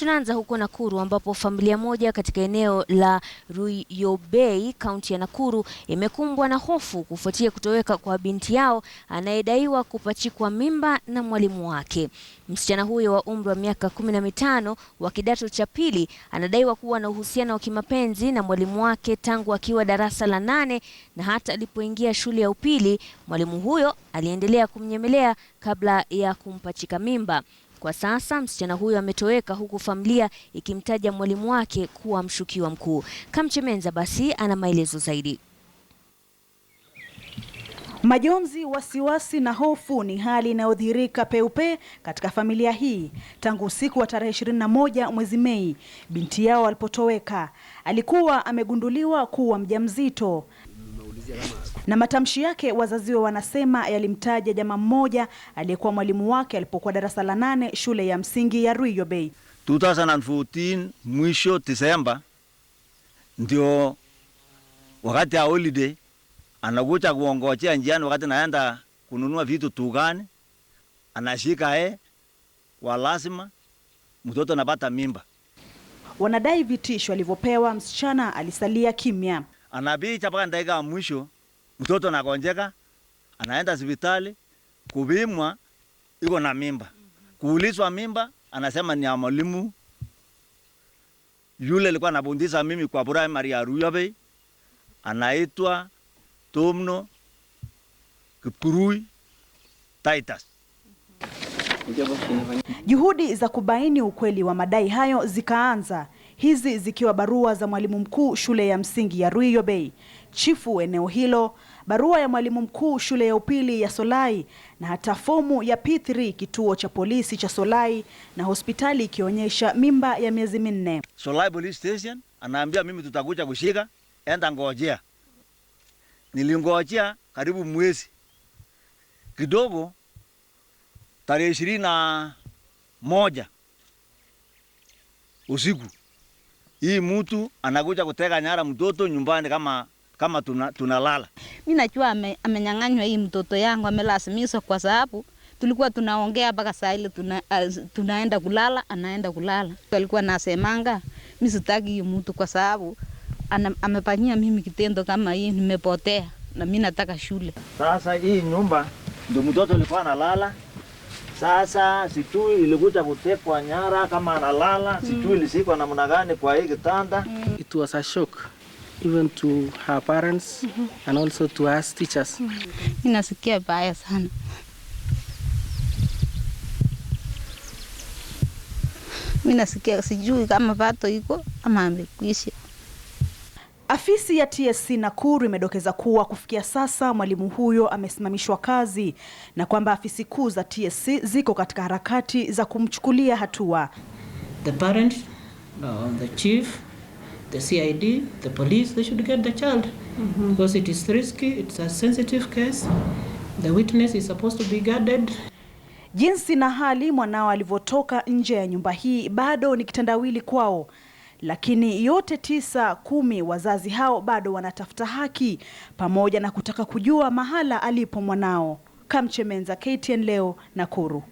Tunaanza huko Nakuru ambapo familia moja katika eneo la Ruiyobei kaunti ya Nakuru imekumbwa na hofu kufuatia kutoweka kwa binti yao anayedaiwa kupachikwa mimba na mwalimu wake. Msichana huyo wa umri wa miaka kumi na mitano wa kidato cha pili anadaiwa kuwa na uhusiano wa kimapenzi na mwalimu wake tangu akiwa darasa la nane na hata alipoingia shule ya upili mwalimu huyo aliendelea kumnyemelea kabla ya kumpachika mimba. Kwa sasa msichana huyo ametoweka huku familia ikimtaja mwalimu wake kuwa mshukiwa mkuu. Kamchemenza basi ana maelezo zaidi. Majonzi, wasiwasi na hofu ni hali inayodhihirika peupe katika familia hii tangu usiku wa tarehe 21 mwezi Mei binti yao alipotoweka. Alikuwa amegunduliwa kuwa mjamzito. Na matamshi yake wazaziwe wanasema yalimtaja jamaa mmoja aliyekuwa mwalimu wake alipokuwa darasa la nane shule ya msingi ya Ruiyo Bay. 2014 mwisho Disemba ndio wakati ya holiday anakuja kuongojea njiani, wakati naenda kununua vitu tugani, anashika e kwa lazima, mtoto anapata mimba. Wanadai vitisho alivyopewa msichana, alisalia kimya, anabicha mpaka ndaika mwisho mtoto anagonjeka, anaenda hospitali kuvimwa iko na mimba, kuulizwa mimba, anasema ni mwalimu yule alikuwa anabundisa mimi kwa primary ya Ruyabe, anaitwa Tomno Kipkurui Titus. Juhudi za kubaini ukweli wa madai hayo zikaanza, hizi zikiwa barua za mwalimu mkuu shule ya msingi ya Ruyo Bay chifu eneo hilo, barua ya mwalimu mkuu shule ya upili ya Solai na hata fomu ya P3 kituo cha polisi cha Solai na hospitali ikionyesha mimba ya miezi minne. Solai police station anaambia mimi tutakuja kushika, enda ngojea. Nilingojea karibu mwezi kidogo, tarehe ishirini na moja usiku hii mtu anakuja kuteka nyara mtoto nyumbani kama kama tunalala. tuna Mimi najua amenyang'anywa hii mtoto yangu, amelazimishwa kwa sababu tulikuwa tunaongea mpaka saa ile tuna, uh, tunaenda kulala, anaenda kulala. Alikuwa nasemanga mimi sitaki hiyo mtu kwa sababu amefanyia mimi kitendo kama hii, nimepotea na mimi nataka shule. Sasa hii nyumba ndio mtoto alikuwa analala. Sasa situ ilikuja kutekwa nyara kama analala, sijui mm. lisikwa namna gani kwa hii kitanda. Mm. It was a shock even to her parents mm -hmm. and also to us teachers. Ninasikia baya sana. Mimi nasikia sijui kama pato iko ama amekwisha. Afisi ya TSC Nakuru imedokeza kuwa kufikia sasa mwalimu huyo amesimamishwa kazi na kwamba afisi kuu za TSC ziko katika harakati za kumchukulia hatua. The parent, no, uh, the chief the CID, the police, they should get the child mm-hmm. because it is risky, it's a sensitive case. The witness is supposed to be guarded. Jinsi na hali mwanao alivyotoka nje ya nyumba hii bado ni kitandawili kwao, lakini yote tisa kumi wazazi hao bado wanatafuta haki pamoja na kutaka kujua mahala alipo mwanao. Kamchemenza, KTN leo, Nakuru.